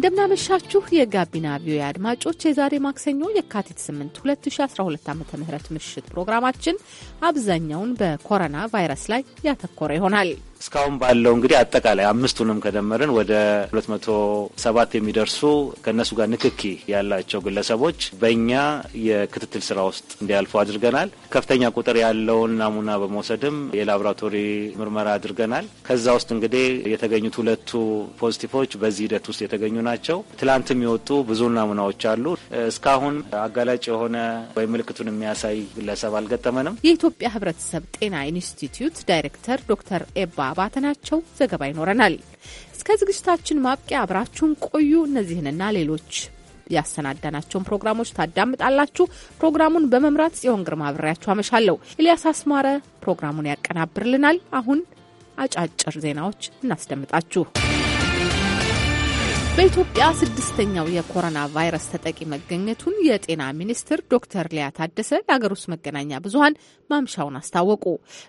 እንደምናመሻችሁ የጋቢና ቪኦኤ አድማጮች፣ የዛሬ ማክሰኞ የካቲት 8 2012 ዓ ም ምሽት ፕሮግራማችን አብዛኛውን በኮሮና ቫይረስ ላይ ያተኮረ ይሆናል። እስካሁን ባለው እንግዲህ አጠቃላይ አምስቱንም ከደመርን ወደ ሁለት መቶ ሰባት የሚደርሱ ከእነሱ ጋር ንክኪ ያላቸው ግለሰቦች በእኛ የክትትል ስራ ውስጥ እንዲያልፉ አድርገናል። ከፍተኛ ቁጥር ያለውን ናሙና በመውሰድም የላቦራቶሪ ምርመራ አድርገናል። ከዛ ውስጥ እንግዲህ የተገኙት ሁለቱ ፖዚቲፎች በዚህ ሂደት ውስጥ የተገኙ ናቸው። ትላንትም የወጡ ብዙ ናሙናዎች አሉ። እስካሁን አጋላጭ የሆነ ወይም ምልክቱን የሚያሳይ ግለሰብ አልገጠመንም። የኢትዮጵያ ሕብረተሰብ ጤና ኢንስቲትዩት ዳይሬክተር ዶክተር ኤባ አባተ ናቸው። ዘገባ ይኖረናል። እስከ ዝግጅታችን ማብቂያ አብራችሁን ቆዩ። እነዚህንና ሌሎች ያሰናዳናቸውን ፕሮግራሞች ታዳምጣላችሁ። ፕሮግራሙን በመምራት ጽዮን ግርማ አብሬያችሁ አመሻለሁ። ኤልያስ አስማረ ፕሮግራሙን ያቀናብርልናል። አሁን አጫጭር ዜናዎች እናስደምጣችሁ። በኢትዮጵያ ስድስተኛው የኮሮና ቫይረስ ተጠቂ መገኘቱን የጤና ሚኒስትር ዶክተር ሊያ ታደሰ ለሀገር ውስጥ መገናኛ ብዙኃን ማምሻውን አስታወቁ።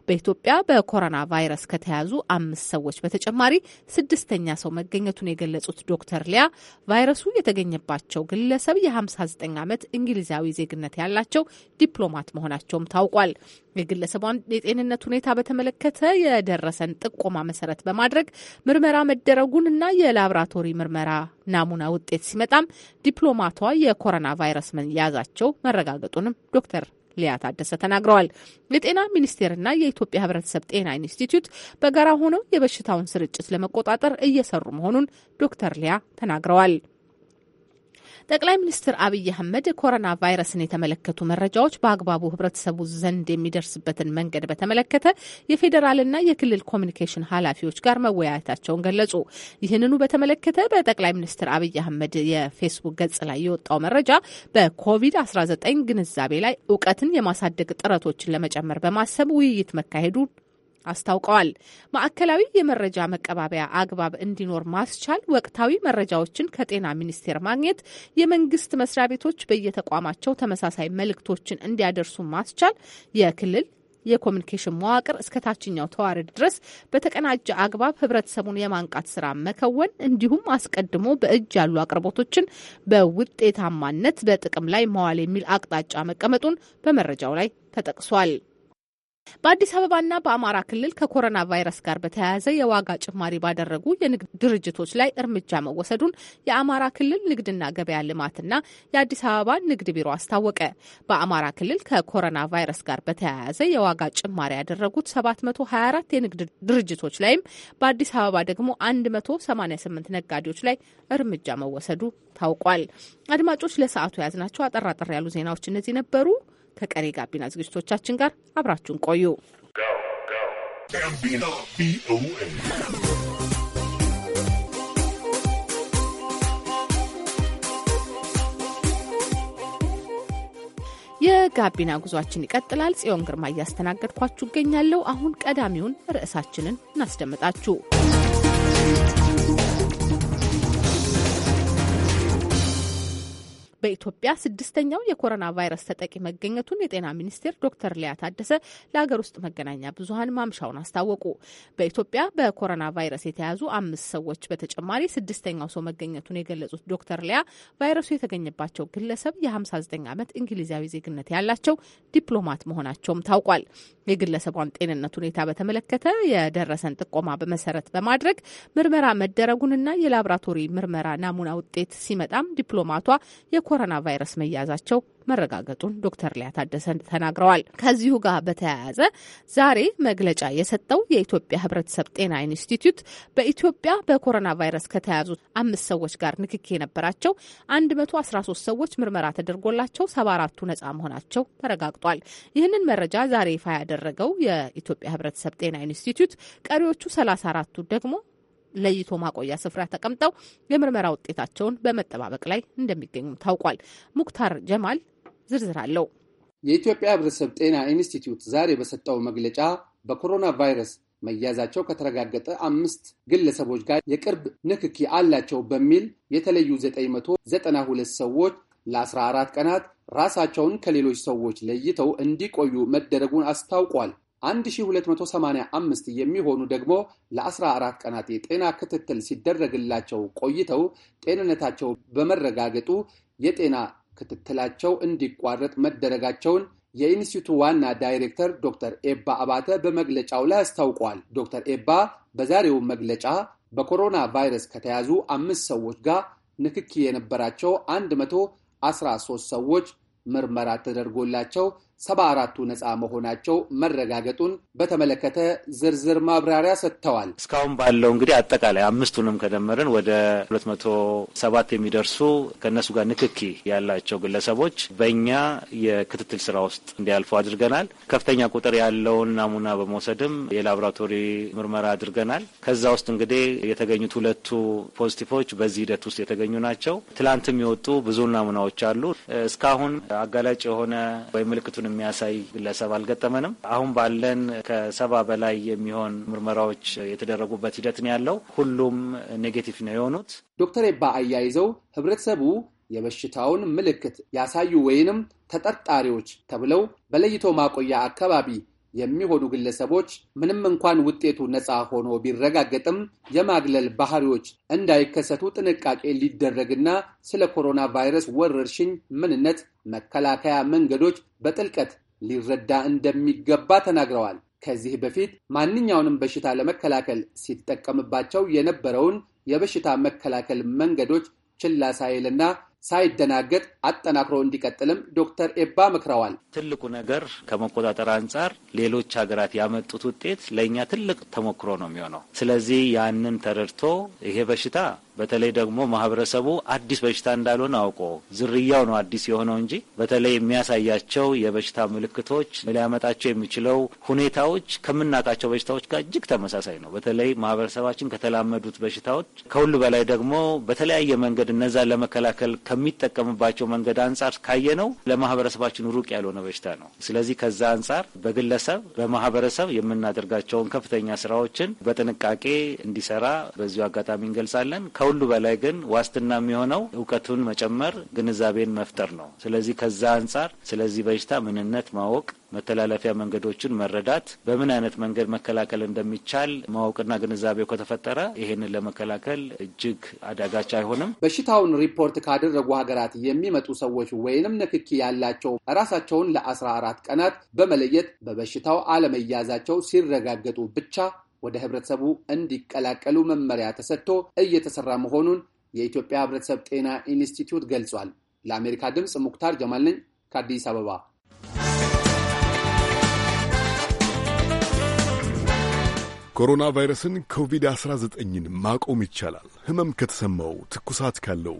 በኢትዮጵያ በኮሮና ቫይረስ ከተያዙ አምስት ሰዎች በተጨማሪ ስድስተኛ ሰው መገኘቱን የገለጹት ዶክተር ሊያ ቫይረሱ የተገኘባቸው ግለሰብ የ59 ዓመት እንግሊዛዊ ዜግነት ያላቸው ዲፕሎማት መሆናቸውም ታውቋል። የግለሰቧን የጤንነት ሁኔታ በተመለከተ የደረሰን ጥቆማ መሰረት በማድረግ ምርመራ መደረጉን እና የላብራቶሪ ምርመራ ናሙና ውጤት ሲመጣም ዲፕሎማቷ የኮሮና ቫይረስ መያዛቸው መረጋገጡንም ዶክተር ሊያ ታደሰ ተናግረዋል። የጤና ሚኒስቴርና የኢትዮጵያ ሕብረተሰብ ጤና ኢንስቲትዩት በጋራ ሆነው የበሽታውን ስርጭት ለመቆጣጠር እየሰሩ መሆኑን ዶክተር ሊያ ተናግረዋል። ጠቅላይ ሚኒስትር አብይ አህመድ ኮሮና ቫይረስን የተመለከቱ መረጃዎች በአግባቡ ህብረተሰቡ ዘንድ የሚደርስበትን መንገድ በተመለከተ የፌዴራልና የክልል ኮሚኒኬሽን ኃላፊዎች ጋር መወያየታቸውን ገለጹ። ይህንኑ በተመለከተ በጠቅላይ ሚኒስትር አብይ አህመድ የፌስቡክ ገጽ ላይ የወጣው መረጃ በኮቪድ-19 ግንዛቤ ላይ እውቀትን የማሳደግ ጥረቶችን ለመጨመር በማሰብ ውይይት መካሄዱን አስታውቀዋል። ማዕከላዊ የመረጃ መቀባበያ አግባብ እንዲኖር ማስቻል፣ ወቅታዊ መረጃዎችን ከጤና ሚኒስቴር ማግኘት፣ የመንግስት መስሪያ ቤቶች በየተቋማቸው ተመሳሳይ መልእክቶችን እንዲያደርሱ ማስቻል፣ የክልል የኮሚኒኬሽን መዋቅር እስከ ታችኛው ተዋረድ ድረስ በተቀናጀ አግባብ ህብረተሰቡን የማንቃት ስራ መከወን እንዲሁም አስቀድሞ በእጅ ያሉ አቅርቦቶችን በውጤታማነት በጥቅም ላይ መዋል የሚል አቅጣጫ መቀመጡን በመረጃው ላይ ተጠቅሷል። በአዲስ አበባና በአማራ ክልል ከኮሮና ቫይረስ ጋር በተያያዘ የዋጋ ጭማሪ ባደረጉ የንግድ ድርጅቶች ላይ እርምጃ መወሰዱን የአማራ ክልል ንግድና ገበያ ልማትና የአዲስ አበባ ንግድ ቢሮ አስታወቀ። በአማራ ክልል ከኮሮና ቫይረስ ጋር በተያያዘ የዋጋ ጭማሪ ያደረጉት 724 የንግድ ድርጅቶች ላይም በአዲስ አበባ ደግሞ 188 ነጋዴዎች ላይ እርምጃ መወሰዱ ታውቋል። አድማጮች ለሰዓቱ የያዝናቸው አጠራጠር ያሉ ዜናዎች እነዚህ ነበሩ። ከቀሪ ጋቢና ዝግጅቶቻችን ጋር አብራችሁን ቆዩ። የጋቢና ጉዟችን ይቀጥላል። ጽዮን ግርማ እያስተናገድኳችሁ እገኛለሁ። አሁን ቀዳሚውን ርዕሳችንን እናስደምጣችሁ። በኢትዮጵያ ስድስተኛው የኮሮና ቫይረስ ተጠቂ መገኘቱን የጤና ሚኒስቴር ዶክተር ሊያ ታደሰ ለሀገር ውስጥ መገናኛ ብዙኃን ማምሻውን አስታወቁ። በኢትዮጵያ በኮሮና ቫይረስ የተያዙ አምስት ሰዎች በተጨማሪ ስድስተኛው ሰው መገኘቱን የገለጹት ዶክተር ሊያ ቫይረሱ የተገኘባቸው ግለሰብ የ59 ዓመት እንግሊዛዊ ዜግነት ያላቸው ዲፕሎማት መሆናቸውም ታውቋል። የግለሰቧን ጤንነት ሁኔታ በተመለከተ የደረሰን ጥቆማ በመሰረት በማድረግ ምርመራ መደረጉንና የላብራቶሪ ምርመራ ናሙና ውጤት ሲመጣም ዲፕሎማቷ በኮሮና ቫይረስ መያዛቸው መረጋገጡን ዶክተር ሊያ ታደሰን ተናግረዋል። ከዚሁ ጋር በተያያዘ ዛሬ መግለጫ የሰጠው የኢትዮጵያ ሕብረተሰብ ጤና ኢንስቲትዩት በኢትዮጵያ በኮሮና ቫይረስ ከተያዙት አምስት ሰዎች ጋር ንክኪ የነበራቸው 113 ሰዎች ምርመራ ተደርጎላቸው ሰባ አራቱ ነጻ መሆናቸው ተረጋግጧል። ይህንን መረጃ ዛሬ ይፋ ያደረገው የኢትዮጵያ ሕብረተሰብ ጤና ኢንስቲትዩት ቀሪዎቹ 34ቱ ደግሞ ለይቶ ማቆያ ስፍራ ተቀምጠው የምርመራ ውጤታቸውን በመጠባበቅ ላይ እንደሚገኙም ታውቋል። ሙክታር ጀማል ዝርዝር አለው። የኢትዮጵያ ሕብረተሰብ ጤና ኢንስቲትዩት ዛሬ በሰጠው መግለጫ በኮሮና ቫይረስ መያዛቸው ከተረጋገጠ አምስት ግለሰቦች ጋር የቅርብ ንክኪ አላቸው በሚል የተለዩ 992 ሰዎች ለ14 ቀናት ራሳቸውን ከሌሎች ሰዎች ለይተው እንዲቆዩ መደረጉን አስታውቋል። 1285 የሚሆኑ ደግሞ ለ14 ቀናት የጤና ክትትል ሲደረግላቸው ቆይተው ጤንነታቸው በመረጋገጡ የጤና ክትትላቸው እንዲቋረጥ መደረጋቸውን የኢንስቲቱ ዋና ዳይሬክተር ዶክተር ኤባ አባተ በመግለጫው ላይ አስታውቋል። ዶክተር ኤባ በዛሬው መግለጫ በኮሮና ቫይረስ ከተያዙ አምስት ሰዎች ጋር ንክኪ የነበራቸው 113 ሰዎች ምርመራ ተደርጎላቸው ሰባ አራቱ ነፃ መሆናቸው መረጋገጡን በተመለከተ ዝርዝር ማብራሪያ ሰጥተዋል። እስካሁን ባለው እንግዲህ አጠቃላይ አምስቱንም ከደመርን ወደ ሁለት መቶ ሰባት የሚደርሱ ከእነሱ ጋር ንክኪ ያላቸው ግለሰቦች በእኛ የክትትል ስራ ውስጥ እንዲያልፉ አድርገናል። ከፍተኛ ቁጥር ያለውን ናሙና በመውሰድም የላቦራቶሪ ምርመራ አድርገናል። ከዛ ውስጥ እንግዲህ የተገኙት ሁለቱ ፖዚቲፎች በዚህ ሂደት ውስጥ የተገኙ ናቸው። ትላንትም የወጡ ብዙ ናሙናዎች አሉ። እስካሁን አጋላጭ የሆነ ወይም ምልክቱን የሚያሳይ ግለሰብ አልገጠመንም። አሁን ባለን ከሰባ በላይ የሚሆን ምርመራዎች የተደረጉበት ሂደት ነው ያለው። ሁሉም ኔጌቲቭ ነው የሆኑት። ዶክተር ኤባ አያይዘው ህብረተሰቡ የበሽታውን ምልክት ያሳዩ ወይንም ተጠርጣሪዎች ተብለው በለይቶ ማቆያ አካባቢ የሚሆኑ ግለሰቦች ምንም እንኳን ውጤቱ ነፃ ሆኖ ቢረጋገጥም የማግለል ባህሪዎች እንዳይከሰቱ ጥንቃቄ ሊደረግና ስለ ኮሮና ቫይረስ ወረርሽኝ ምንነት መከላከያ መንገዶች በጥልቀት ሊረዳ እንደሚገባ ተናግረዋል። ከዚህ በፊት ማንኛውንም በሽታ ለመከላከል ሲጠቀምባቸው የነበረውን የበሽታ መከላከል መንገዶች ችላ ሳይልና ሳይደናገጥ አጠናክሮ እንዲቀጥልም ዶክተር ኤባ መክረዋል። ትልቁ ነገር ከመቆጣጠር አንጻር ሌሎች ሀገራት ያመጡት ውጤት ለእኛ ትልቅ ተሞክሮ ነው የሚሆነው። ስለዚህ ያንን ተረድቶ ይሄ በሽታ በተለይ ደግሞ ማህበረሰቡ አዲስ በሽታ እንዳልሆነ አውቆ ዝርያው ነው አዲስ የሆነው እንጂ በተለይ የሚያሳያቸው የበሽታ ምልክቶች ሊያመጣቸው የሚችለው ሁኔታዎች ከምናውቃቸው በሽታዎች ጋር እጅግ ተመሳሳይ ነው። በተለይ ማህበረሰባችን ከተላመዱት በሽታዎች ከሁሉ በላይ ደግሞ በተለያየ መንገድ እነዛን ለመከላከል ከሚጠቀምባቸው መንገድ አንጻር ካየ ነው ለማህበረሰባችን ሩቅ ያልሆነ በሽታ ነው። ስለዚህ ከዛ አንጻር በግለሰብ በማህበረሰብ የምናደርጋቸውን ከፍተኛ ስራዎችን በጥንቃቄ እንዲሰራ በዚሁ አጋጣሚ እንገልጻለን። ከሁሉ በላይ ግን ዋስትና የሚሆነው እውቀቱን መጨመር፣ ግንዛቤን መፍጠር ነው። ስለዚህ ከዛ አንጻር ስለዚህ በሽታ ምንነት ማወቅ መተላለፊያ መንገዶችን መረዳት፣ በምን አይነት መንገድ መከላከል እንደሚቻል ማወቅና ግንዛቤው ከተፈጠረ ይሄንን ለመከላከል እጅግ አዳጋች አይሆንም። በሽታውን ሪፖርት ካደረጉ ሀገራት የሚመጡ ሰዎች ወይንም ንክኪ ያላቸው ራሳቸውን ለአስራ አራት ቀናት በመለየት በበሽታው አለመያዛቸው ሲረጋገጡ ብቻ ወደ ህብረተሰቡ እንዲቀላቀሉ መመሪያ ተሰጥቶ እየተሰራ መሆኑን የኢትዮጵያ ህብረተሰብ ጤና ኢንስቲትዩት ገልጿል። ለአሜሪካ ድምፅ ሙክታር ጀማል ነኝ ከአዲስ አበባ። ኮሮና ቫይረስን ኮቪድ-19ን ማቆም ይቻላል። ህመም ከተሰማው፣ ትኩሳት ካለው፣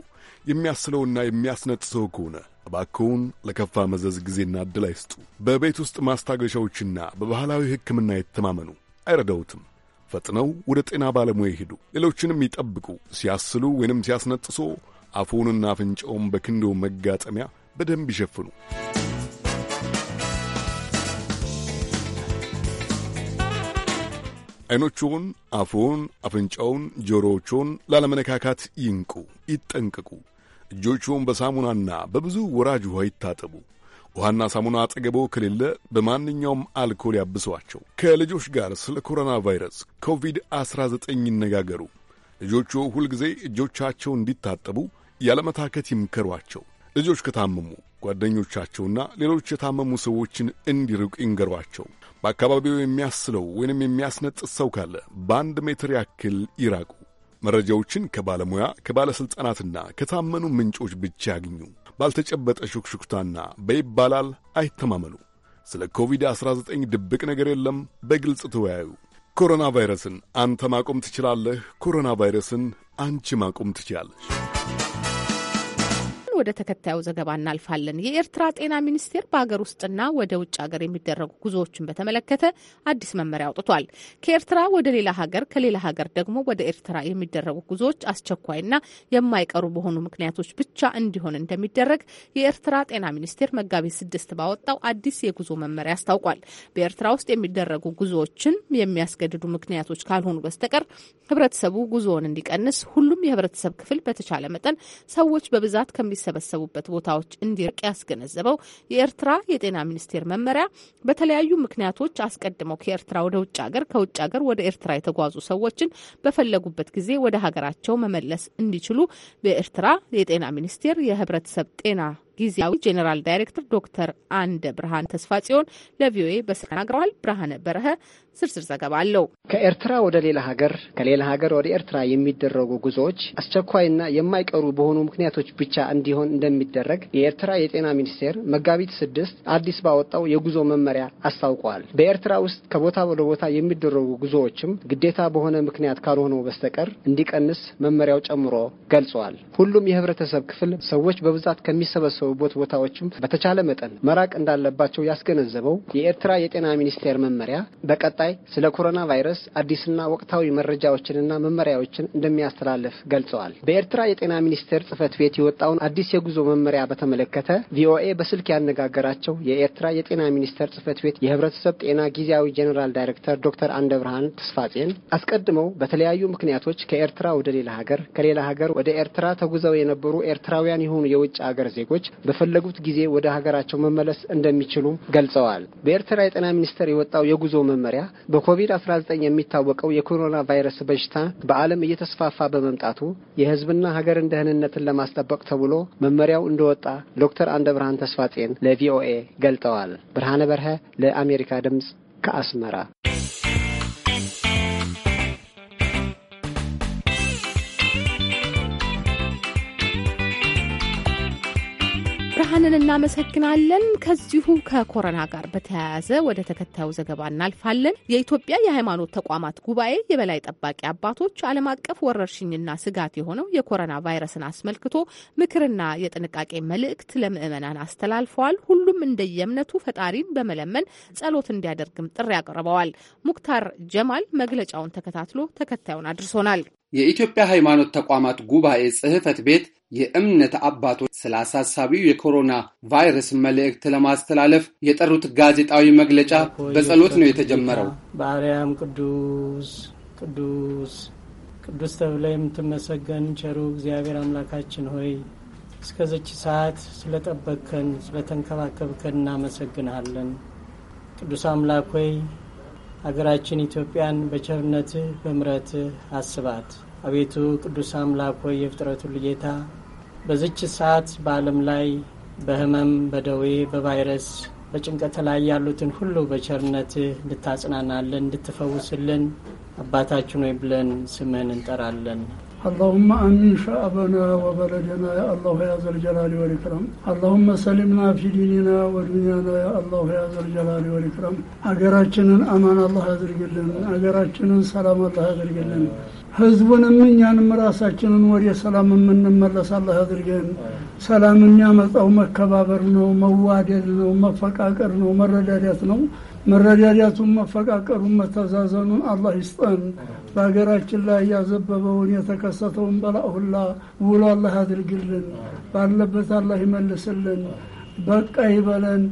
የሚያስለውና የሚያስነጥሰው ከሆነ እባክዎን ለከፋ መዘዝ ጊዜና ዕድል አይስጡ። በቤት ውስጥ ማስታገሻዎችና በባህላዊ ሕክምና የተማመኑ አይረዳውትም። ፈጥነው ወደ ጤና ባለሙያ ይሄዱ፣ ሌሎችንም ይጠብቁ። ሲያስሉ ወይንም ሲያስነጥሶ አፉንና አፍንጫውን በክንዶ መጋጠሚያ በደንብ ይሸፍኑ። አይኖቹን፣ አፉን፣ አፍንጫውን፣ ጆሮዎቹን ላለመነካካት ይንቁ፣ ይጠንቅቁ። እጆቹን በሳሙናና በብዙ ወራጅ ውሃ ይታጠቡ። ውሃና ሳሙና አጠገቦ ከሌለ በማንኛውም አልኮል ያብሰዋቸው። ከልጆች ጋር ስለ ኮሮና ቫይረስ ኮቪድ-19 ይነጋገሩ። ልጆቹ ሁልጊዜ እጆቻቸው እንዲታጠቡ ያለመታከት ይምከሯቸው። ልጆች ከታመሙ ጓደኞቻቸውና ሌሎች የታመሙ ሰዎችን እንዲርቁ ይንገሯቸው። በአካባቢው የሚያስለው ወይንም የሚያስነጥስ ሰው ካለ በአንድ ሜትር ያክል ይራቁ። መረጃዎችን ከባለሙያ ከባለሥልጣናትና ከታመኑ ምንጮች ብቻ ያግኙ። ባልተጨበጠ ሹክሹክታና በይባላል አይተማመኑ። ስለ ኮቪድ-19 ድብቅ ነገር የለም፣ በግልጽ ተወያዩ። ኮሮና ቫይረስን አንተ ማቆም ትችላለህ። ኮሮና ቫይረስን አንቺ ማቆም ትችላለች። ወደ ተከታዩ ዘገባ እናልፋለን። የኤርትራ ጤና ሚኒስቴር በሀገር ውስጥና ወደ ውጭ ሀገር የሚደረጉ ጉዞዎችን በተመለከተ አዲስ መመሪያ አውጥቷል። ከኤርትራ ወደ ሌላ ሀገር፣ ከሌላ ሀገር ደግሞ ወደ ኤርትራ የሚደረጉ ጉዞዎች አስቸኳይና የማይቀሩ በሆኑ ምክንያቶች ብቻ እንዲሆን እንደሚደረግ የኤርትራ ጤና ሚኒስቴር መጋቢት ስድስት ባወጣው አዲስ የጉዞ መመሪያ አስታውቋል። በኤርትራ ውስጥ የሚደረጉ ጉዞዎችን የሚያስገድዱ ምክንያቶች ካልሆኑ በስተቀር ህብረተሰቡ ጉዞውን እንዲቀንስ ሁሉም የህብረተሰብ ክፍል በተቻለ መጠን ሰዎች በብዛት ከሚሰ ከሚሰበሰቡበት ቦታዎች እንዲርቅ ያስገነዘበው የኤርትራ የጤና ሚኒስቴር መመሪያ በተለያዩ ምክንያቶች አስቀድመው ከኤርትራ ወደ ውጭ ሀገር ከውጭ ሀገር ወደ ኤርትራ የተጓዙ ሰዎችን በፈለጉበት ጊዜ ወደ ሀገራቸው መመለስ እንዲችሉ በኤርትራ የጤና ሚኒስቴር የህብረተሰብ ጤና ጊዜያዊ ጄኔራል ዳይሬክተር ዶክተር አንደ ብርሃን ተስፋ ጽዮን ለቪኦኤ በስልክ ተናግረዋል። ብርሃነ በረሀ ዝርዝር ዘገባ አለው። ከኤርትራ ወደ ሌላ ሀገር፣ ከሌላ ሀገር ወደ ኤርትራ የሚደረጉ ጉዞዎች አስቸኳይና የማይቀሩ በሆኑ ምክንያቶች ብቻ እንዲሆን እንደሚደረግ የኤርትራ የጤና ሚኒስቴር መጋቢት ስድስት አዲስ ባወጣው የጉዞ መመሪያ አስታውቀዋል። በኤርትራ ውስጥ ከቦታ ወደ ቦታ የሚደረጉ ጉዞዎችም ግዴታ በሆነ ምክንያት ካልሆነ በስተቀር እንዲቀንስ መመሪያው ጨምሮ ገልጸዋል። ሁሉም የህብረተሰብ ክፍል ሰዎች በብዛት ከሚሰበሰቡ የሚገቡበት ቦታዎችም በተቻለ መጠን መራቅ እንዳለባቸው ያስገነዘበው የኤርትራ የጤና ሚኒስቴር መመሪያ በቀጣይ ስለ ኮሮና ቫይረስ አዲስና ወቅታዊ መረጃዎችንና መመሪያዎችን እንደሚያስተላልፍ ገልጸዋል። በኤርትራ የጤና ሚኒስቴር ጽህፈት ቤት የወጣውን አዲስ የጉዞ መመሪያ በተመለከተ ቪኦኤ በስልክ ያነጋገራቸው የኤርትራ የጤና ሚኒስቴር ጽህፈት ቤት የህብረተሰብ ጤና ጊዜያዊ ጄኔራል ዳይሬክተር ዶክተር አንደ ብርሃን ተስፋጼን አስቀድመው በተለያዩ ምክንያቶች ከኤርትራ ወደ ሌላ ሀገር ከሌላ ሀገር ወደ ኤርትራ ተጉዘው የነበሩ ኤርትራውያን የሆኑ የውጭ ሀገር ዜጎች በፈለጉት ጊዜ ወደ ሀገራቸው መመለስ እንደሚችሉ ገልጸዋል። በኤርትራ የጤና ሚኒስቴር የወጣው የጉዞ መመሪያ በኮቪድ-19 የሚታወቀው የኮሮና ቫይረስ በሽታ በዓለም እየተስፋፋ በመምጣቱ የሕዝብና ሀገርን ደህንነትን ለማስጠበቅ ተብሎ መመሪያው እንደወጣ ዶክተር አንደ ብርሃን ተስፋጼን ለቪኦኤ ገልጠዋል። ብርሃነ በርሀ ለአሜሪካ ድምፅ ከአስመራ ብርሃንን እናመሰግናለን። ከዚሁ ከኮረና ጋር በተያያዘ ወደ ተከታዩ ዘገባ እናልፋለን። የኢትዮጵያ የሃይማኖት ተቋማት ጉባኤ የበላይ ጠባቂ አባቶች ዓለም አቀፍ ወረርሽኝና ስጋት የሆነው የኮረና ቫይረስን አስመልክቶ ምክርና የጥንቃቄ መልእክት ለምዕመናን አስተላልፈዋል። ሁሉም እንደየእምነቱ ፈጣሪን በመለመን ጸሎት እንዲያደርግም ጥሪ አቅርበዋል። ሙክታር ጀማል መግለጫውን ተከታትሎ ተከታዩን አድርሶናል። የኢትዮጵያ ሃይማኖት ተቋማት ጉባኤ ጽህፈት ቤት የእምነት አባቶች ስለ አሳሳቢው የኮሮና ቫይረስ መልእክት ለማስተላለፍ የጠሩት ጋዜጣዊ መግለጫ በጸሎት ነው የተጀመረው። በአርያም ቅዱስ ቅዱስ ቅዱስ ተብለ የምትመሰገን ቸሩ እግዚአብሔር አምላካችን ሆይ እስከዘች ሰዓት ስለጠበቅከን፣ ስለተንከባከብከን እናመሰግናለን። ቅዱስ አምላክ ሆይ አገራችን ኢትዮጵያን በቸርነትህ በምረትህ አስባት። አቤቱ ቅዱስ አምላክ ሆይ ሁሉ ጌታ በዝች ሰዓት በዓለም ላይ በህመም፣ በደዌ፣ በቫይረስ፣ በጭንቀት ላይ ያሉትን ሁሉ በቸርነትህ እንድታጽናናለን፣ እንድትፈውስልን አባታችን ሆይ ብለን ስምህን እንጠራለን። اللهم አሚን ሻአበና وبلدنا يا الله يا ذا الجلال والإكرام اللهم سلمنا في ديننا ودنيانا يا الله يا ذا الجلال والإكرام አገራችንን አማን አላህ ያድርግልን። አገራችንን ሰላም አላህ ያድርግልን። ህዝቡንም እኛንም ራሳችንን ወደ ሰላም የምንመለስ አላህ ያድርገን። ሰላም የሚያመጣው መከባበር ነው፣ መዋደድ ነው፣ መፈቃቀር ነው፣ መረዳዳት ነው። መረዳዳቱን፣ መፈቃቀሩን፣ መተዛዘኑን አላህ ይስጠን። በሀገራችን ላይ ያዘበበውን የተከሰተውን በላእ ሁላ ውሎ አላህ አድርግልን። ባለበት አላህ ይመልስልን። በቃ ይበለን።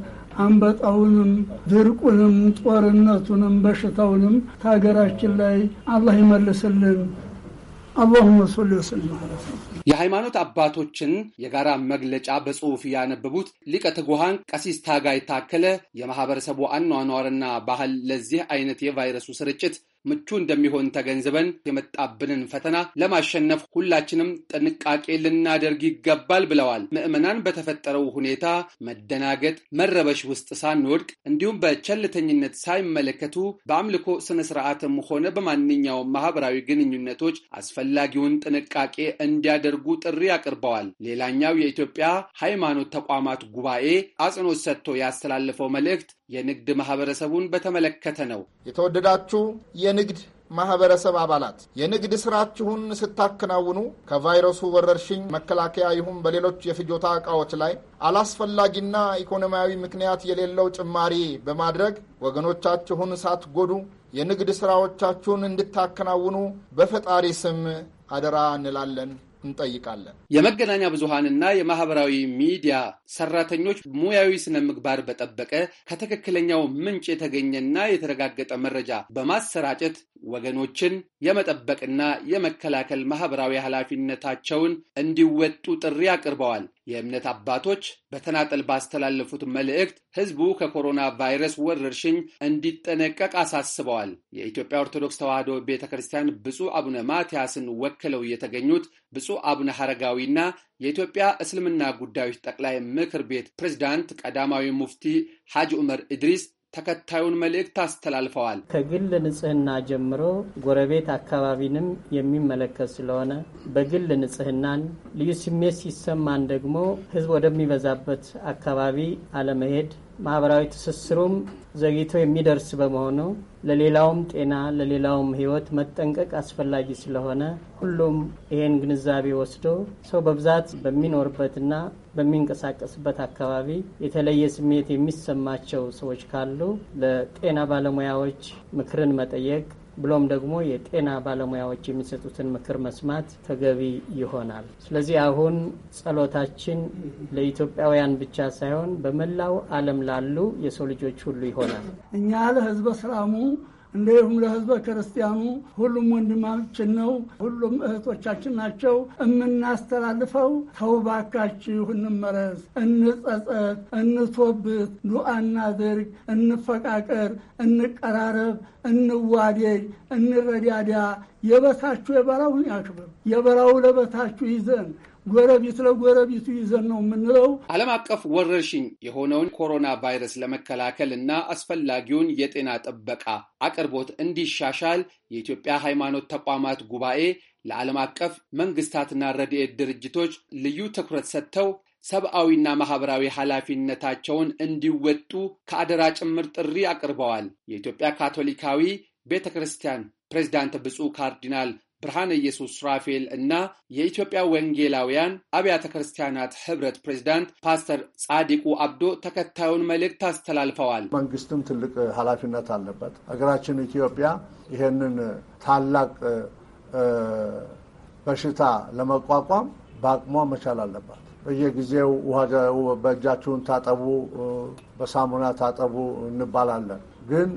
አንበጣውንም ድርቁንም ጦርነቱንም በሽታውንም ከሀገራችን ላይ አላህ ይመልስልን። አላሁመ ሶሊ ወሰለም የሃይማኖት አባቶችን የጋራ መግለጫ በጽሑፍ ያነበቡት ሊቀ ትጉሃን ቀሲስ ታጋይ ታከለ የማህበረሰቡ አኗኗርና ባህል ለዚህ አይነት የቫይረሱ ስርጭት ምቹ እንደሚሆን ተገንዝበን የመጣብንን ፈተና ለማሸነፍ ሁላችንም ጥንቃቄ ልናደርግ ይገባል ብለዋል። ምዕመናን በተፈጠረው ሁኔታ መደናገጥ፣ መረበሽ ውስጥ ሳንወድቅ እንዲሁም በቸልተኝነት ሳይመለከቱ በአምልኮ ስነ ስርዓትም ሆነ በማንኛውም ማህበራዊ ግንኙነቶች አስፈላጊውን ጥንቃቄ እንዲያደ እንዲያደርጉ ጥሪ አቅርበዋል። ሌላኛው የኢትዮጵያ ሃይማኖት ተቋማት ጉባኤ አጽንኦት ሰጥቶ ያስተላለፈው መልእክት የንግድ ማህበረሰቡን በተመለከተ ነው። የተወደዳችሁ የንግድ ማህበረሰብ አባላት የንግድ ስራችሁን ስታከናውኑ ከቫይረሱ ወረርሽኝ መከላከያ ይሁን በሌሎች የፍጆታ እቃዎች ላይ አላስፈላጊና ኢኮኖሚያዊ ምክንያት የሌለው ጭማሪ በማድረግ ወገኖቻችሁን ሳትጎዱ የንግድ ስራዎቻችሁን እንድታከናውኑ በፈጣሪ ስም አደራ እንላለን። እንጠይቃለን። የመገናኛ ብዙሃንና የማህበራዊ ሚዲያ ሰራተኞች ሙያዊ ስነ ምግባር በጠበቀ ከትክክለኛው ምንጭ የተገኘና የተረጋገጠ መረጃ በማሰራጨት ወገኖችን የመጠበቅና የመከላከል ማህበራዊ ኃላፊነታቸውን እንዲወጡ ጥሪ አቅርበዋል። የእምነት አባቶች በተናጠል ባስተላለፉት መልእክት ሕዝቡ ከኮሮና ቫይረስ ወረርሽኝ እንዲጠነቀቅ አሳስበዋል። የኢትዮጵያ ኦርቶዶክስ ተዋሕዶ ቤተ ክርስቲያን ብፁዕ አቡነ ማትያስን ወክለው የተገኙት ብፁዕ አቡነ ሐረጋዊና የኢትዮጵያ እስልምና ጉዳዮች ጠቅላይ ምክር ቤት ፕሬዝዳንት ቀዳማዊ ሙፍቲ ሐጅ ዑመር ኢድሪስ ተከታዩን መልእክት አስተላልፈዋል። ከግል ንጽህና ጀምሮ ጎረቤት አካባቢንም የሚመለከት ስለሆነ በግል ንጽህናን፣ ልዩ ስሜት ሲሰማን ደግሞ ህዝብ ወደሚበዛበት አካባቢ አለመሄድ፣ ማህበራዊ ትስስሩም ዘግይቶ የሚደርስ በመሆኑ ለሌላውም ጤና ለሌላውም ህይወት መጠንቀቅ አስፈላጊ ስለሆነ ሁሉም ይሄን ግንዛቤ ወስዶ ሰው በብዛት በሚኖርበትና በሚንቀሳቀስበት አካባቢ የተለየ ስሜት የሚሰማቸው ሰዎች ካሉ ለጤና ባለሙያዎች ምክርን መጠየቅ ብሎም ደግሞ የጤና ባለሙያዎች የሚሰጡትን ምክር መስማት ተገቢ ይሆናል። ስለዚህ አሁን ጸሎታችን ለኢትዮጵያውያን ብቻ ሳይሆን በመላው ዓለም ላሉ የሰው ልጆች ሁሉ ይሆናል። እኛ ለህዝበ ሰላሙ እንዲሁም ለህዝበ ክርስቲያኑ ሁሉም ወንድማችን ነው፣ ሁሉም እህቶቻችን ናቸው። የምናስተላልፈው ተውባካችሁ እንመረዝ፣ እንጸጸት፣ እንቶብት፣ ዱዓ እናድርግ፣ እንፈቃቀር፣ እንቀራረብ፣ እንዋደድ፣ እንረዳዳ የበታችሁ የበራውን ያክብር የበራው ለበታችሁ ይዘን ጎረቤት ለጎረቤቱ ይዘን ነው የምንለው። ዓለም አቀፍ ወረርሽኝ የሆነውን ኮሮና ቫይረስ ለመከላከል እና አስፈላጊውን የጤና ጥበቃ አቅርቦት እንዲሻሻል የኢትዮጵያ ሃይማኖት ተቋማት ጉባኤ ለዓለም አቀፍ መንግስታትና ረድኤት ድርጅቶች ልዩ ትኩረት ሰጥተው ሰብአዊና ማህበራዊ ኃላፊነታቸውን እንዲወጡ ከአደራ ጭምር ጥሪ አቅርበዋል። የኢትዮጵያ ካቶሊካዊ ቤተ ክርስቲያን ፕሬዚዳንት ብፁዕ ካርዲናል ብርሃነ ኢየሱስ ራፌል እና የኢትዮጵያ ወንጌላውያን አብያተ ክርስቲያናት ህብረት ፕሬዚዳንት ፓስተር ጻዲቁ አብዶ ተከታዩን መልእክት አስተላልፈዋል። መንግስትም ትልቅ ኃላፊነት አለበት። ሀገራችን ኢትዮጵያ ይሄንን ታላቅ በሽታ ለመቋቋም በአቅሟ መቻል አለባት። በየጊዜው በእጃችሁን ታጠቡ፣ በሳሙና ታጠቡ እንባላለን። ግን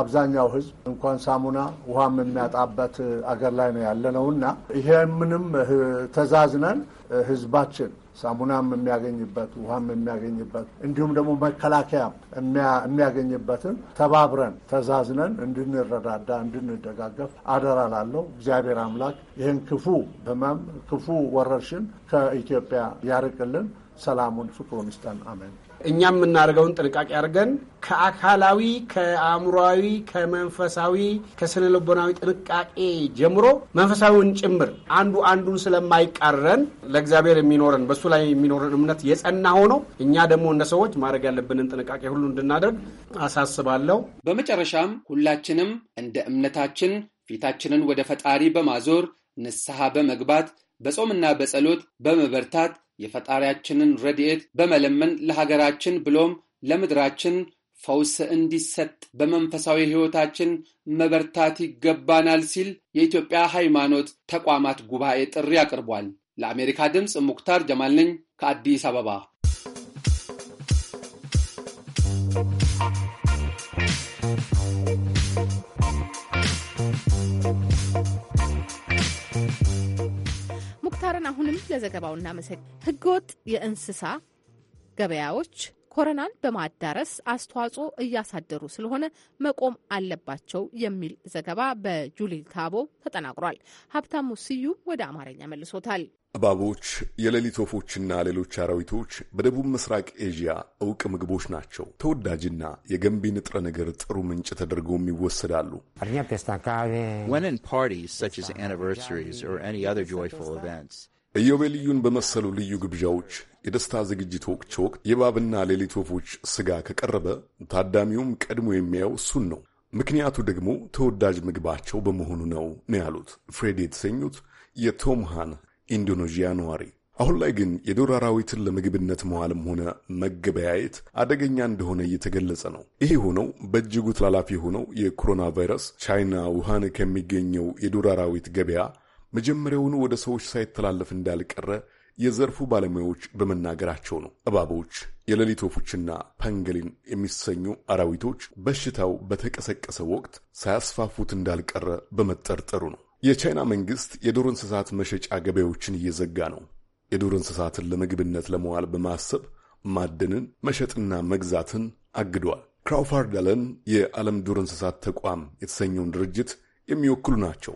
አብዛኛው ህዝብ እንኳን ሳሙና ውሃም የሚያጣበት አገር ላይ ነው ነው እና ይሄምንም ተዛዝነን ህዝባችን ሳሙናም የሚያገኝበት ውሃም የሚያገኝበት እንዲሁም ደግሞ መከላከያም የሚያገኝበትን ተባብረን ተዛዝነን እንድንረዳዳ እንድንደጋገፍ አደራ ላለው እግዚአብሔር አምላክ ይህን ክፉ ህመም ክፉ ወረርሽን ከኢትዮጵያ ያርቅልን፣ ሰላሙን ፍቅሩን ይስጠን። አሜን። እኛም የምናደርገውን ጥንቃቄ አድርገን ከአካላዊ፣ ከአእምሯዊ፣ ከመንፈሳዊ፣ ከስነ ልቦናዊ ጥንቃቄ ጀምሮ መንፈሳዊውን ጭምር አንዱ አንዱን ስለማይቃረን ለእግዚአብሔር የሚኖረን በሱ ላይ የሚኖረን እምነት የጸና ሆኖ እኛ ደግሞ እንደ ሰዎች ማድረግ ያለብንን ጥንቃቄ ሁሉ እንድናደርግ አሳስባለሁ። በመጨረሻም ሁላችንም እንደ እምነታችን ፊታችንን ወደ ፈጣሪ በማዞር ንስሐ በመግባት በጾምና በጸሎት በመበርታት የፈጣሪያችንን ረድኤት በመለመን ለሀገራችን ብሎም ለምድራችን ፈውስ እንዲሰጥ በመንፈሳዊ ሕይወታችን መበርታት ይገባናል ሲል የኢትዮጵያ ሃይማኖት ተቋማት ጉባኤ ጥሪ አቅርቧል። ለአሜሪካ ድምፅ ሙክታር ጀማል ነኝ ከአዲስ አበባ። Thank you. አሁንም ለዘገባው እናመሰግ ህገወጥ የእንስሳ ገበያዎች ኮረናን በማዳረስ አስተዋጽኦ እያሳደሩ ስለሆነ መቆም አለባቸው የሚል ዘገባ በጁሊ ታቦ ተጠናቅሯል። ሀብታሙ ስዩም ወደ አማርኛ መልሶታል። እባቦች፣ የሌሊት ወፎችና ሌሎች አራዊቶች በደቡብ ምስራቅ ኤዥያ እውቅ ምግቦች ናቸው። ተወዳጅና የገንቢ ንጥረ ነገር ጥሩ ምንጭ ተደርገውም ይወሰዳሉ። ኢዮቤልዩን በመሰሉ ልዩ ግብዣዎች፣ የደስታ ወቅች ወቅት የባብና ሌሊት ወፎች ስጋ ከቀረበ ታዳሚውም ቀድሞ የሚያየው እሱን ነው። ምክንያቱ ደግሞ ተወዳጅ ምግባቸው በመሆኑ ነው ነው ያሉት ፍሬድ የተሰኙት የቶምሃን ኢንዶኔዥያ ነዋሪ። አሁን ላይ ግን የዱር አራዊትን ለምግብነት መዋልም ሆነ መገበያየት አደገኛ እንደሆነ እየተገለጸ ነው። ይሄ ሆነው በእጅጉ ተላላፊ የሆነው የኮሮና ቫይረስ ቻይና ውሃን ከሚገኘው የዱር አራዊት ገበያ መጀመሪያውኑ ወደ ሰዎች ሳይተላለፍ እንዳልቀረ የዘርፉ ባለሙያዎች በመናገራቸው ነው። እባቦች፣ የሌሊት ወፎችና ፓንገሊን የሚሰኙ አራዊቶች በሽታው በተቀሰቀሰ ወቅት ሳያስፋፉት እንዳልቀረ በመጠርጠሩ ነው። የቻይና መንግስት የዱር እንስሳት መሸጫ ገበያዎችን እየዘጋ ነው። የዱር እንስሳትን ለምግብነት ለመዋል በማሰብ ማደንን፣ መሸጥና መግዛትን አግደዋል። ክራውፋርድ አለን የዓለም ዱር እንስሳት ተቋም የተሰኘውን ድርጅት የሚወክሉ ናቸው።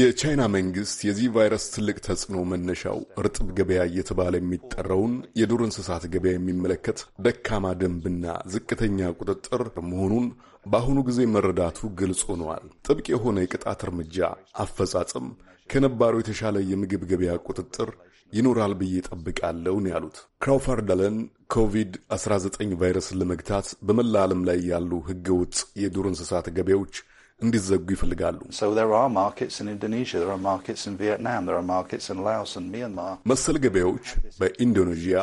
የቻይና መንግስት የዚህ ቫይረስ ትልቅ ተጽዕኖ መነሻው እርጥብ ገበያ እየተባለ የሚጠራውን የዱር እንስሳት ገበያ የሚመለከት ደካማ ደንብና ዝቅተኛ ቁጥጥር መሆኑን በአሁኑ ጊዜ መረዳቱ ግልጽ ሆነዋል። ጥብቅ የሆነ የቅጣት እርምጃ አፈጻጸም ከነባሩ የተሻለ የምግብ ገበያ ቁጥጥር ይኖራል ብዬ ጠብቃለሁ ነው ያሉት። ክራውፈርድ አለን ኮቪድ-19 ቫይረስን ለመግታት በመላ ዓለም ላይ ያሉ ህገወጥ የዱር እንስሳት ገበያዎች እንዲዘጉ ይፈልጋሉ። መሰል ገበያዎች በኢንዶኔዥያ፣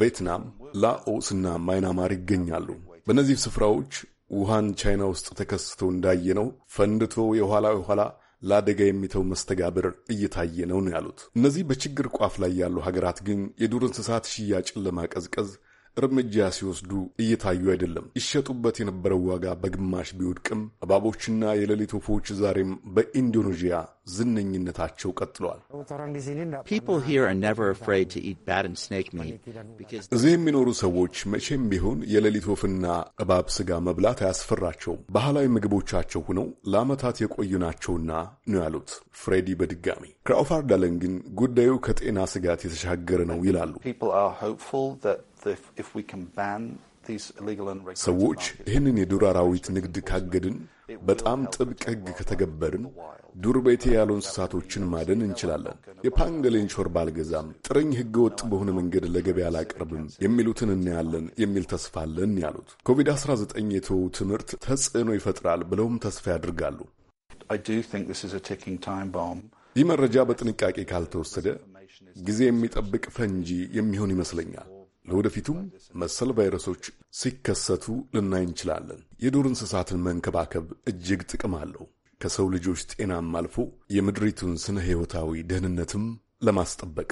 ቪየትናም፣ ላኦስ እና ማይናማር ይገኛሉ። በእነዚህ ስፍራዎች ውሃን ቻይና ውስጥ ተከስቶ እንዳየነው ፈንድቶ የኋላ የኋላ ለአደጋ የሚተው መስተጋብር እየታየ ነው ነው ያሉት። እነዚህ በችግር ቋፍ ላይ ያሉ ሀገራት ግን የዱር እንስሳት ሽያጭን ለማቀዝቀዝ እርምጃ ሲወስዱ እየታዩ አይደለም። ይሸጡበት የነበረው ዋጋ በግማሽ ቢወድቅም እባቦችና የሌሊት ወፎች ዛሬም በኢንዶኔዥያ ዝነኝነታቸው ቀጥሏል። እዚህ የሚኖሩ ሰዎች መቼም ቢሆን የሌሊት ወፍና እባብ ስጋ መብላት አያስፈራቸውም። ባህላዊ ምግቦቻቸው ሆነው ለዓመታት የቆዩ ናቸውና ነው ያሉት ፍሬዲ በድጋሚ። ክራውፋርድ አለን ግን ጉዳዩ ከጤና ስጋት የተሻገረ ነው ይላሉ። ሰዎች ይህንን የዱር አራዊት ንግድ ካገድን በጣም ጥብቅ ሕግ ከተገበርን ዱር ቤቴ ያሉ እንስሳቶችን ማደን እንችላለን። የፓንገሌን ሾርባ አልገዛም፣ ጥርኝ ሕገ ወጥ በሆነ መንገድ ለገበያ አላቀርብም የሚሉትን እናያለን የሚል ተስፋ አለን ያሉት ኮቪድ-19 የተወው ትምህርት ተጽዕኖ ይፈጥራል ብለውም ተስፋ ያድርጋሉ። ይህ መረጃ በጥንቃቄ ካልተወሰደ ጊዜ የሚጠብቅ ፈንጂ የሚሆን ይመስለኛል። ለወደፊቱም መሰል ቫይረሶች ሲከሰቱ ልናይ እንችላለን። የዱር እንስሳትን መንከባከብ እጅግ ጥቅም አለው። ከሰው ልጆች ጤናም አልፎ የምድሪቱን ስነ ሕይወታዊ ደህንነትም ለማስጠበቅ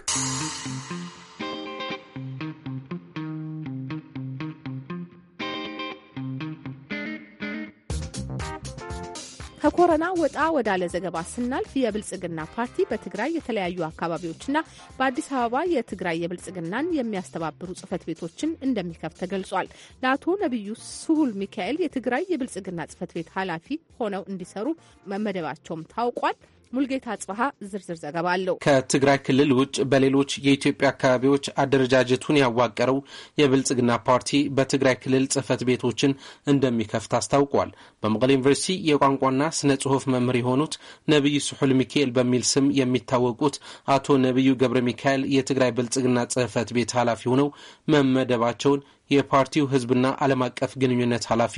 ከኮረና ወጣ ወዳለ ዘገባ ስናልፍ የብልጽግና ፓርቲ በትግራይ የተለያዩ አካባቢዎችና በአዲስ አበባ የትግራይ የብልጽግናን የሚያስተባብሩ ጽህፈት ቤቶችን እንደሚከፍት ተገልጿል። ለአቶ ነቢዩ ስሁል ሚካኤል የትግራይ የብልጽግና ጽህፈት ቤት ኃላፊ ሆነው እንዲሰሩ መመደባቸውም ታውቋል። ሙልጌታ ጽበሀ ዝርዝር ዘገባ አለው። ከትግራይ ክልል ውጭ በሌሎች የኢትዮጵያ አካባቢዎች አደረጃጀቱን ያዋቀረው የብልጽግና ፓርቲ በትግራይ ክልል ጽህፈት ቤቶችን እንደሚከፍት አስታውቋል። በመቀሌ ዩኒቨርሲቲ የቋንቋና ስነ ጽሁፍ መምህር የሆኑት ነቢይ ስሑል ሚካኤል በሚል ስም የሚታወቁት አቶ ነቢዩ ገብረ ሚካኤል የትግራይ ብልጽግና ጽህፈት ቤት ኃላፊ ሆነው መመደባቸውን የፓርቲው ህዝብና ዓለም አቀፍ ግንኙነት ኃላፊ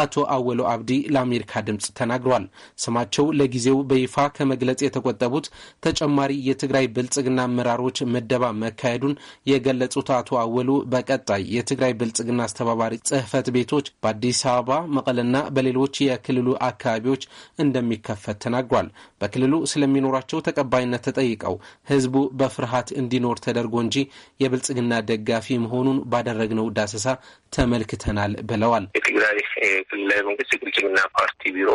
አቶ አወሎ አብዲ ለአሜሪካ ድምፅ ተናግሯል። ስማቸው ለጊዜው በይፋ ከመግለጽ የተቆጠቡት ተጨማሪ የትግራይ ብልጽግና አመራሮች ምደባ መካሄዱን የገለጹት አቶ አወሉ በቀጣይ የትግራይ ብልጽግና አስተባባሪ ጽህፈት ቤቶች በአዲስ አበባ፣ መቀለና በሌሎች የክልሉ አካባቢዎች እንደሚከፈት ተናግሯል። በክልሉ ስለሚኖራቸው ተቀባይነት ተጠይቀው ህዝቡ በፍርሃት እንዲኖር ተደርጎ እንጂ የብልጽግና ደጋፊ መሆኑን ባደረግነው ዳ ዳሰሳ ተመልክተናል ብለዋል። የትግራይ ክልላዊ መንግስት የብልጽግና ፓርቲ ቢሮ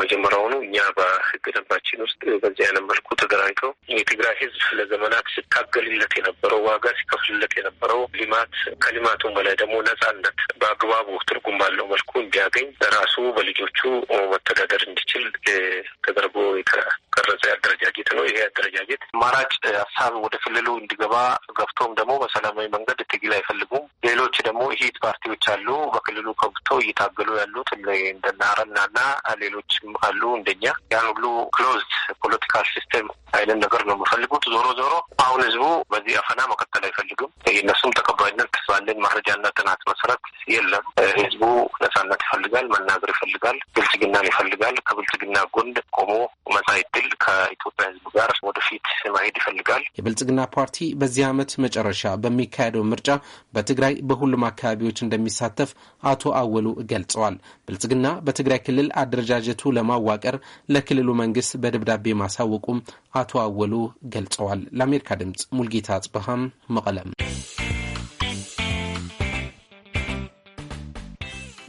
መጀመሪያውኑ እኛ በህግ ደንባችን ውስጥ በዚህ አይነት መልኩ ተደራጅተው የትግራይ ህዝብ ለዘመናት ሲታገልለት የነበረው ዋጋ ሲከፍልለት የነበረው ልማት ከልማቱም በላይ ደግሞ ነጻነት በአግባቡ ትርጉም ባለው መልኩ እንዲያገኝ ራሱ በልጆቹ መተዳደር እንዲችል ተደርጎ የተቀረጸ አደረጃጀት ነው። ይሄ አደረጃጀት አማራጭ ሀሳብ ወደ ክልሉ እንዲገባ ገብቶም ደግሞ በሰላማዊ መንገድ ትግል አይፈልጉም። ሌሎች ደግሞ ሂት ፓርቲዎች አሉ በክልሉ ገብቶ እየታገሉ ያሉት እንደና አረናና ሌሎችም አሉ እንደኛ። ያን ሁሉ ክሎዝድ ፖለቲካል ሲስተም አይነት ነገር ነው የምፈልጉት። ዞሮ ዞሮ አሁን ህዝቡ በዚህ አፈና መቀጠል አይፈልግም። የእነሱም ተቀባይነት ባለን መረጃና ጥናት መሰረት የለም። ህዝቡ ነጻነት ይፈልጋል፣ መናገር ይፈልጋል፣ ብልጽግናን ይፈልጋል። ከብልጽግና ጎን ቆሞ መጻኢ ዕድል ከኢትዮጵያ ሕዝብ ጋር ወደፊት ማሄድ ይፈልጋል። የብልጽግና ፓርቲ በዚህ ዓመት መጨረሻ በሚካሄደው ምርጫ በትግራይ በሁሉም አካባቢዎች እንደሚሳተፍ አቶ አወሉ ገልጸዋል። ብልጽግና በትግራይ ክልል አደረጃጀቱ ለማዋቀር ለክልሉ መንግስት በደብዳቤ ማሳወቁም አቶ አወሉ ገልጸዋል። ለአሜሪካ ድምጽ ሙልጌታ አጽበሃም መቀለም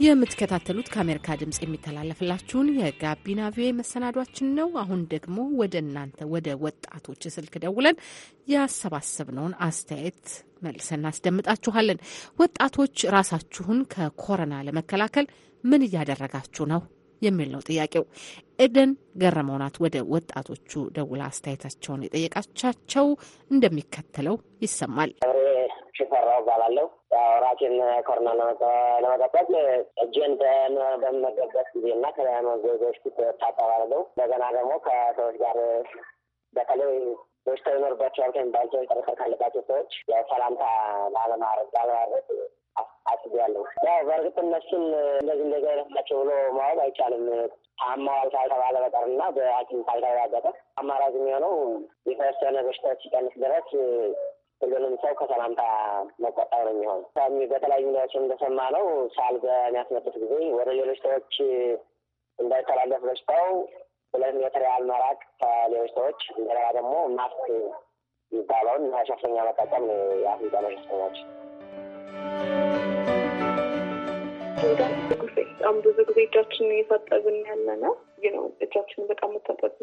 የምትከታተሉት ከአሜሪካ ድምፅ የሚተላለፍላችሁን የጋቢና ቪኦኤ መሰናዷችን ነው። አሁን ደግሞ ወደ እናንተ ወደ ወጣቶች ስልክ ደውለን ያሰባሰብነውን አስተያየት መልሰን እናስደምጣችኋለን። ወጣቶች ራሳችሁን ከኮረና ለመከላከል ምን እያደረጋችሁ ነው የሚል ነው ጥያቄው። ኤደን ገረመው ናት ወደ ወጣቶቹ ደውላ አስተያየታቸውን የጠየቃቻቸው እንደሚከተለው ይሰማል። ሽፈራው እባላለሁ ራሴን ኮርና ለመጠበቅ እጄን በምመገብበት ጊዜ እና ከመመገቤ በፊት እታጠባለሁ። እንደገና ደግሞ ከሰዎች ጋር በተለይ በሽታ ይኖርባቸዋል ከሚባሉ ሰዎች ጠረሰ ካለባቸው ሰዎች ያው ሰላምታ ላለማድረግ ላለማድረግ አስቤያለሁ። ያው በእርግጥ እነሱን እንደዚህ እንደዚህ አይነት ናቸው ብሎ ማወቅ አይቻልም። ታመዋል ካልተባለ በቀርና በሐኪም ካልተረጋገጠ አማራጭ የሚሆነው የተወሰነ በሽታዎች ሲቀንስ ድረስ ሁሉንም ሰው ከሰላምታ መቆጠብ ነው የሚሆን። በተለያዩ ሚዲያዎች እንደሰማ ነው ሳል በሚያስመጡት ጊዜ ወደ ሌሎች ሰዎች እንዳይተላለፍ በሽታው ሁለት ሜትር ያህል መራቅ ከሌሎች ሰዎች፣ እንደገና ደግሞ ማስክ የሚባለውን መሸፈኛ መጠቀም ነው የአፍሪካ መሸፈኛዎች በጣም ብዙ ጊዜ እጃችንን እየታጠብን ያለ ነው ነው እጃችንን በጣም መታጠብ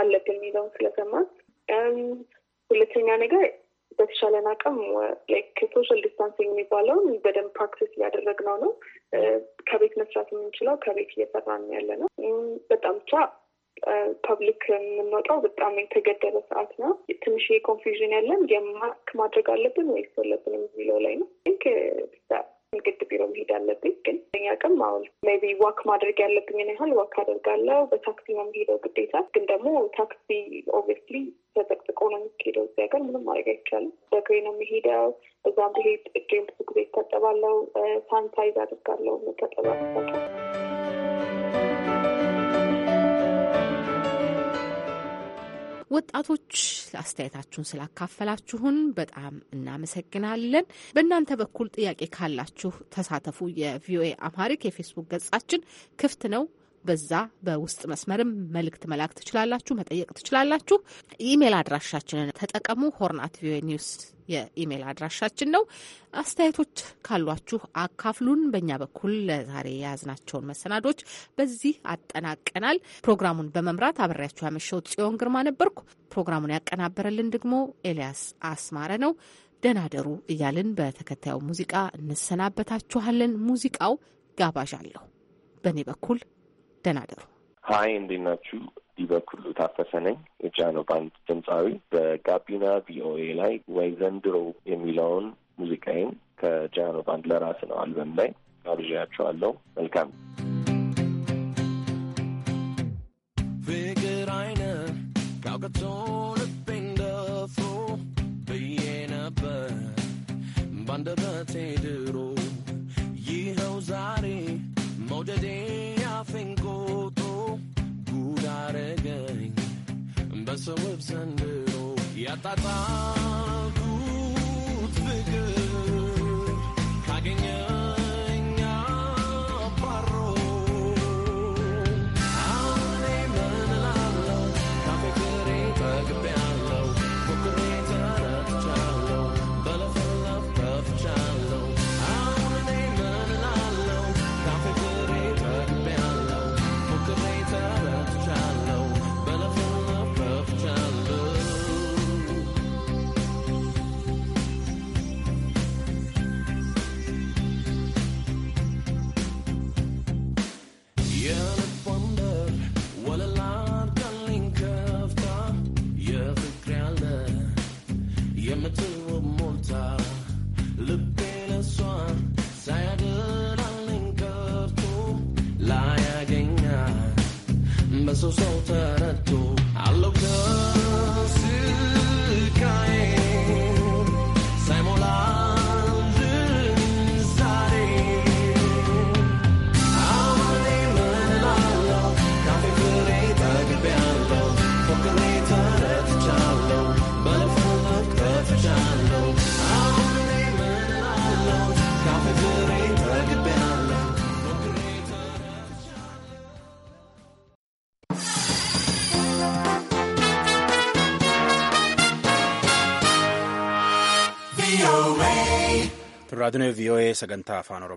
አለብን የሚለውን ስለሰማ ሁለተኛ ነገር በተሻለን አቅም ላይክ ሶሻል ዲስታንሲንግ የሚባለውን በደንብ ፕራክቲስ እያደረግ ነው። ከቤት መስራት የምንችለው ከቤት እየሰራን ያለ ነው። በጣም ብቻ ፐብሊክ የምንወጣው በጣም የተገደበ ሰዓት ነው። ትንሽ ኮንፊውዥን ያለን የማክ ማድረግ አለብን ወይስ የለብንም የሚለው ላይ ነው። ንግድ ቢሮ መሄድ አለብኝ። ግን ኛ ቀም አሁን ሜይ ቢ ዋክ ማድረግ ያለብኝን ያህል ዋክ አደርጋለሁ። በታክሲ ነው የሚሄደው ግዴታ። ግን ደግሞ ታክሲ ኦብቪየስሊ ተጠቅጥቆ ነው የሚሄደው። እዚያ ሀገር ምንም ማድረግ አይቻልም። በእግሬ ነው የሚሄደው። እዛም ብሄድ እጄን ብዙ ጊዜ ይታጠባለው። ሳንታይዝ አድርጋለው መታጠባ ወጣቶች አስተያየታችሁን ስላካፈላችሁን በጣም እናመሰግናለን። በእናንተ በኩል ጥያቄ ካላችሁ ተሳተፉ። የቪኦኤ አማሪክ የፌስቡክ ገጻችን ክፍት ነው። በዛ በውስጥ መስመርም መልእክት መላክ ትችላላችሁ፣ መጠየቅ ትችላላችሁ። ኢሜል አድራሻችንን ተጠቀሙ። ሆርናት አት ቪኦኤ ኒውስ የኢሜል አድራሻችን ነው። አስተያየቶች ካሏችሁ አካፍሉን። በእኛ በኩል ለዛሬ የያዝናቸውን መሰናዶች በዚህ አጠናቀናል። ፕሮግራሙን በመምራት አብሬያችሁ ያመሸው ጽዮን ግርማ ነበርኩ። ፕሮግራሙን ያቀናበረልን ደግሞ ኤልያስ አስማረ ነው። ደናደሩ እያልን በተከታዩ ሙዚቃ እንሰናበታችኋለን። ሙዚቃው ጋባዣ አለሁ በእኔ በኩል ደናደሩ ሀይ እንዴት ናችሁ? ዲበኩሉ ታፈሰ ነኝ። የጃኖ ባንድ ድምፃዊ በጋቢና ቪኦኤ ላይ ወይ ዘንድሮ የሚለውን ሙዚቃዬን ከጃኖ ባንድ ለራስ ነው አልበም ላይ አብዣያቸዋለሁ። መልካም ፍቅር አይነ ባንደበቴ ድሮ ሲያገኝ በሰው ዘንድሮ ያጣጣል sagantaa afaan